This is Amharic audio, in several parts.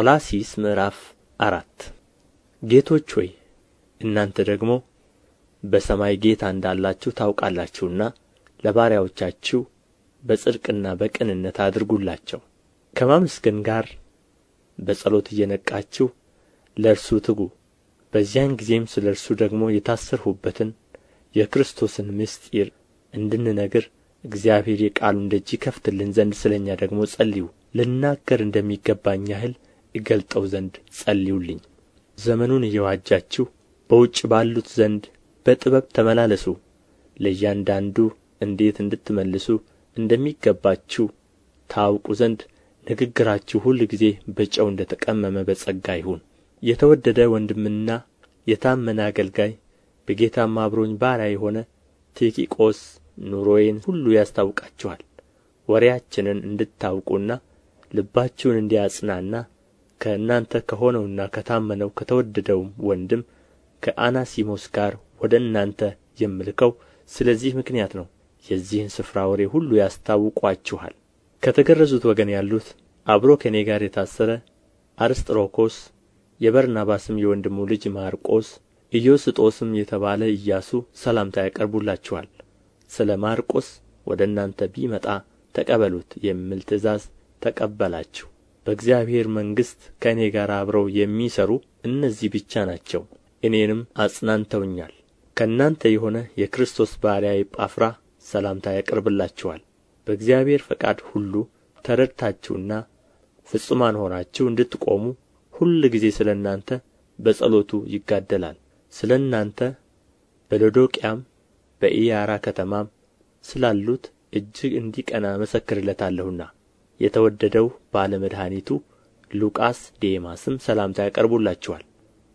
ቆላሲስ ምዕራፍ አራት ጌቶች ሆይ እናንተ ደግሞ በሰማይ ጌታ እንዳላችሁ ታውቃላችሁና ለባሪያዎቻችሁ በጽድቅና በቅንነት አድርጉላቸው ከማመስገን ጋር በጸሎት እየነቃችሁ ለእርሱ ትጉ በዚያን ጊዜም ስለ እርሱ ደግሞ የታሰርሁበትን የክርስቶስን ምስጢር እንድንነግር እግዚአብሔር የቃሉን ደጅ ይከፍትልን ዘንድ ስለ እኛ ደግሞ ጸልዩ ልናገር እንደሚገባኝ ያህል እገልጠው ዘንድ ጸልዩልኝ ዘመኑን እየዋጃችሁ በውጭ ባሉት ዘንድ በጥበብ ተመላለሱ ለእያንዳንዱ እንዴት እንድትመልሱ እንደሚገባችሁ ታውቁ ዘንድ ንግግራችሁ ጊዜ በጨው እንደ ተቀመመ በጸጋ ይሁን የተወደደ ወንድምና የታመነ አገልጋይ በጌታም አብሮኝ ባሪያ የሆነ ቲኪቆስ ኑሮዬን ሁሉ ያስታውቃችኋል ወሬያችንን እንድታውቁና ልባችሁን እንዲያጽናና ከእናንተ ከሆነውና ከታመነው ከተወደደውም ወንድም ከአናሲሞስ ጋር ወደ እናንተ የምልከው ስለዚህ ምክንያት ነው የዚህን ስፍራ ወሬ ሁሉ ያስታውቋችኋል። ከተገረዙት ወገን ያሉት አብሮ ከእኔ ጋር የታሰረ አርስጥሮኮስ የበርናባስም የወንድሙ ልጅ ማርቆስ ኢዮስጦስም የተባለ ኢያሱ ሰላምታ ያቀርቡላችኋል ስለ ማርቆስ ወደ እናንተ ቢመጣ ተቀበሉት የሚል ትእዛዝ ተቀበላችሁ በእግዚአብሔር መንግሥት ከእኔ ጋር አብረው የሚሠሩ እነዚህ ብቻ ናቸው እኔንም አጽናንተውኛል ከእናንተ የሆነ የክርስቶስ ባሪያ ኤጳፍራ ሰላምታ ያቀርብላችኋል በእግዚአብሔር ፈቃድ ሁሉ ተረድታችሁና ፍጹማን ሆናችሁ እንድትቆሙ ሁል ጊዜ ስለ እናንተ በጸሎቱ ይጋደላል ስለ እናንተ በሎዶቅያም በኢያራ ከተማም ስላሉት እጅግ እንዲቀና መሰክርለታለሁና። የተወደደው ባለ መድኃኒቱ ሉቃስ ዴማስም ሰላምታ ያቀርቡላችኋል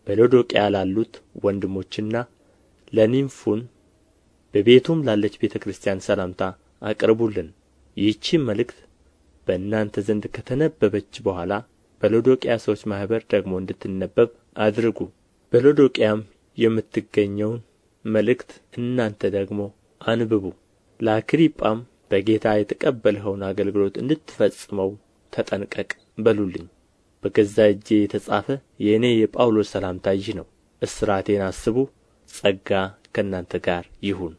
በሎዶቅያ ላሉት ወንድሞችና ለኒምፉን በቤቱም ላለች ቤተ ክርስቲያን ሰላምታ አቅርቡልን ይህችም መልእክት በእናንተ ዘንድ ከተነበበች በኋላ በሎዶቅያ ሰዎች ማኅበር ደግሞ እንድትነበብ አድርጉ በሎዶቅያም የምትገኘውን መልእክት እናንተ ደግሞ አንብቡ ለአክሪጳም በጌታ የተቀበልኸውን አገልግሎት እንድትፈጽመው ተጠንቀቅ በሉልኝ በገዛ እጄ የተጻፈ የእኔ የጳውሎስ ሰላምታ ይህ ነው እስራቴን አስቡ ጸጋ ከእናንተ ጋር ይሁን